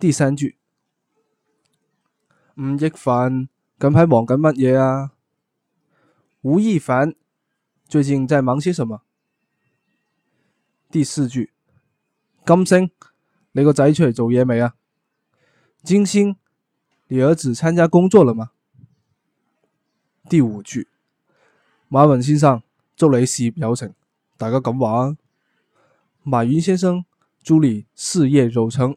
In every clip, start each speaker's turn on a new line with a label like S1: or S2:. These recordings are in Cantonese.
S1: 第三句，吳亦凡，近排忙緊乜嘢啊？吳亦凡最近在忙些什麼？第四句，金星，你個仔出嚟做嘢未啊？金星，你兒子參加工作了嗎？第五句，馬雲先生，祝你事業有成，大家噉話吖。馬雲先生，祝你事業有成。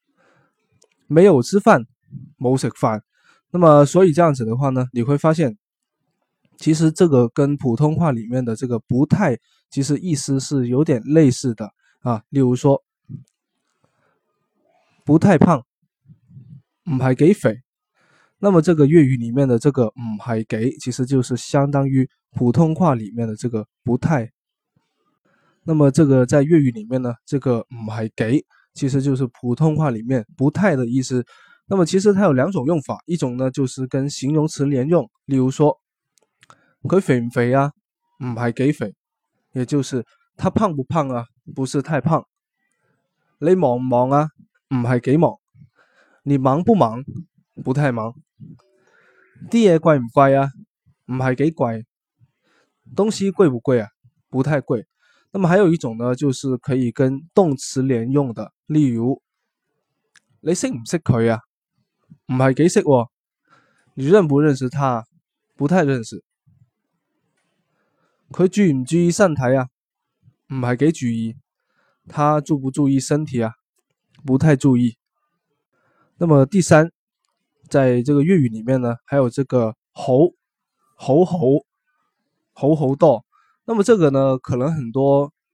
S1: 沒有吃飯，冇食飯。那麼，所以這樣子的話呢，你會發現，其實這個跟普通話裏面的這個不太，其實意思是有點類似的啊。例如說，不太胖，唔係幾肥。那麼，這個粵語裏面的這個唔係幾，其實就是相當於普通話裏面的這個不太。那麼，這個在粵語裏面呢，這個唔係幾。其實就是普通話裏面“不太”的意思。那麼其實它有兩種用法，一種呢就是跟形容詞連用，例如說，佢肥唔肥啊，唔係幾肥，也就是他胖不胖啊，不是太胖。你忙唔忙啊，唔係幾忙，你忙不忙，不太忙。啲嘢貴唔貴啊，唔係幾貴，東西貴不貴啊，不太貴。那麼還有一種呢，就是可以跟動詞連用的。例如，你認不認識唔識佢啊？唔係幾識。你認不認識他？不太認識。佢注唔注意身體啊？唔係幾注意。他注不注意身體啊？不太注意。那麼第三，在這個粵語裏面呢，還有這個好，好好，好好多。那麼這個呢，可能很多。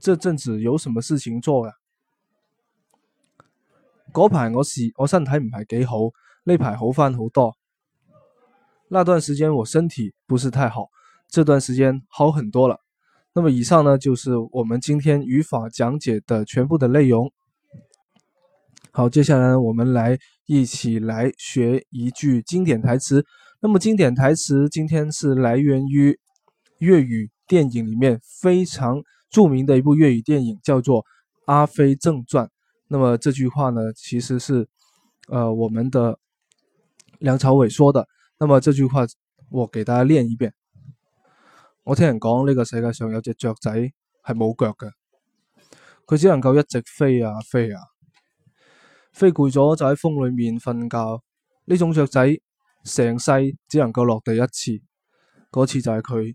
S1: 這陣子有什麼事情做噶？嗰排我洗我身體唔係幾好，呢排好翻好多。那段時間我身體不是太好，這段時間好很多了。那麼以上呢就是我們今天語法講解的全部的內容。好，接下來我們來一起來學一句經典台詞。那麼經典台詞今天是來源於粵語。電影裏面非常著名的一部粵語電影叫做《阿飛正傳》，那麼這句話呢，其實是，呃，我們的梁朝偉說的。那麼這句話我給大家練一遍。我聽人講呢個世界上有隻雀仔係冇腳嘅，佢只能夠一直飛啊飛啊，飛攰咗就喺風裏面瞓覺。呢種雀仔成世只能夠落地一次，嗰次就係佢。